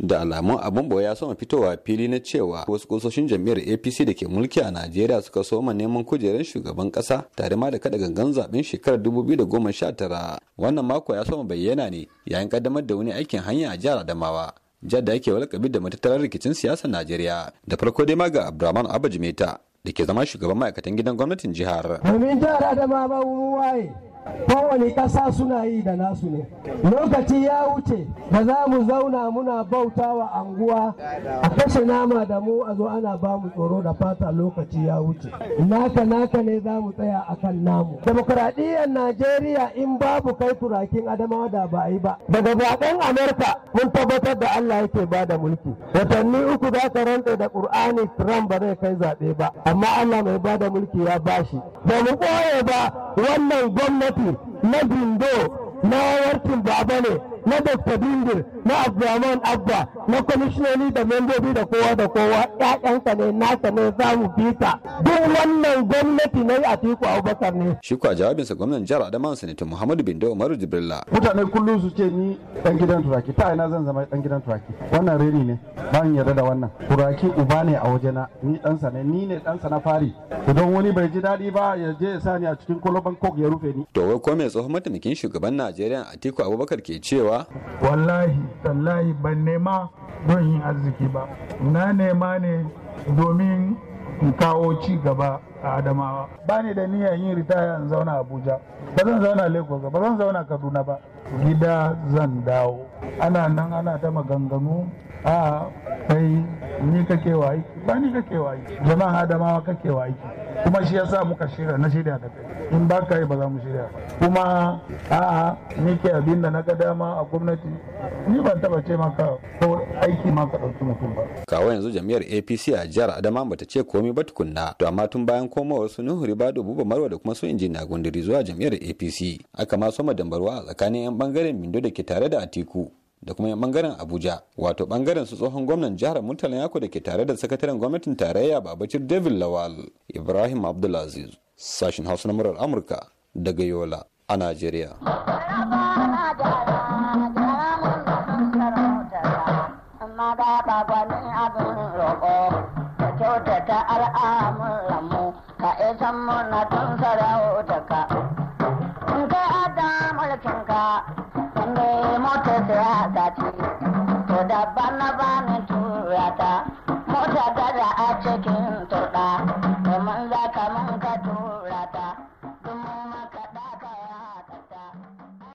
da alamun abin ya sama fitowa fili na cewa wasu kusoshin jam'iyyar apc da ke mulki a najeriya suka soma neman kujerar shugaban kasa tare ma da kada gangan zaben shekarar da goma sha tara. wannan mako ya soma bayyana ne yayin kaddamar da wani aikin hanya a jihar adamawa jihar da ake walakabi da matattarar rikicin siyasar najeriya da farko dai ma ga abdurrahman abba jimeta da ke zama shugaban ma'aikatan gidan gwamnatin jihar. Domin jihar Adamawa waye kowane ƙasa suna yi da nasu ne lokaci ya wuce ba za mu zauna muna bauta wa anguwa a kashe nama da mu a zo ana ba mu tsoro da fata lokaci ya wuce naka naka ne za mu tsaya a kan namu demokuraɗiyyar najeriya in babu kai turakin adamawa da ba a yi ba daga zaɓen amurka mun tabbatar da allah yake ba da mulki watanni uku za ka rantse da ƙur'ani trump ba zai kai zaɓe ba amma allah mai ba mulki ya bashi ba mu ɓoye ba wannan gwamnati na bindo na wartin baba ne na Dr. Bindir, na Abdulrahman Abba, na kwamishinoni da membobi da kowa da kowa, ‘ya'yansa ne nasa ne za mu bita Duk wannan gwamnati na yi a tiku Abubakar ne. Shi kuwa jawabinsa gwamnan jihar Adamawa Sanatin Muhammadu Bindo Umaru jibrila. Mutane kullum su ce ni dan gidan turaki, ta ina zan zama dan gidan turaki. Wannan reni ne, ba ni yarda da wannan. Turaki uba ne a wajena, ni ɗansa ne, ni ne ɗansa na fari. Idan wani bai ji daɗi ba ya je ya sa ni a cikin kwalaban kok ya rufe ni. To wai ko mai tsohon mataimakin shugaban Najeriya Atiku Abubakar ke cewa cewa wallahi tallahi ban nema don yin arziki ba na nema ne domin in kawo ci gaba a adamawa ba ni da niyyar yin ritaya in zauna abuja ba zan zauna lagos ba zan zauna kaduna ba gida zan dawo ana nan ana ta maganganu a kai ni kake wa aiki ba ni kake wa aiki adamawa kake wa aiki kuma shi ya sa muka shirya na shirya da kai in ba ka yi ba za mu shirya ba, kuma a'a ni ke abin da na ga dama a gwamnati ni ban taba ce maka ko aiki ma ka ɗauki mutum ba. kawo yanzu jami'ar apc a jihar adama bata ce komai ba tukunna to amma tun bayan komawar su nuhu dubu buba marwa da kuma su na gundiri zuwa jami'ar apc aka ma soma dambarwa a tsakanin 'yan bangaren mindo da ke tare da atiku da kuma yan bangaren abuja wato bangaren su tsohon gwamnan jihar murtala yako da ke tare da sakataren gwamnatin tarayya babacir david lawal ibrahim abdulaziz sashen hausa na murar amurka daga yola a najeriya ka na bani turata mota gada a cikin turɗa domin za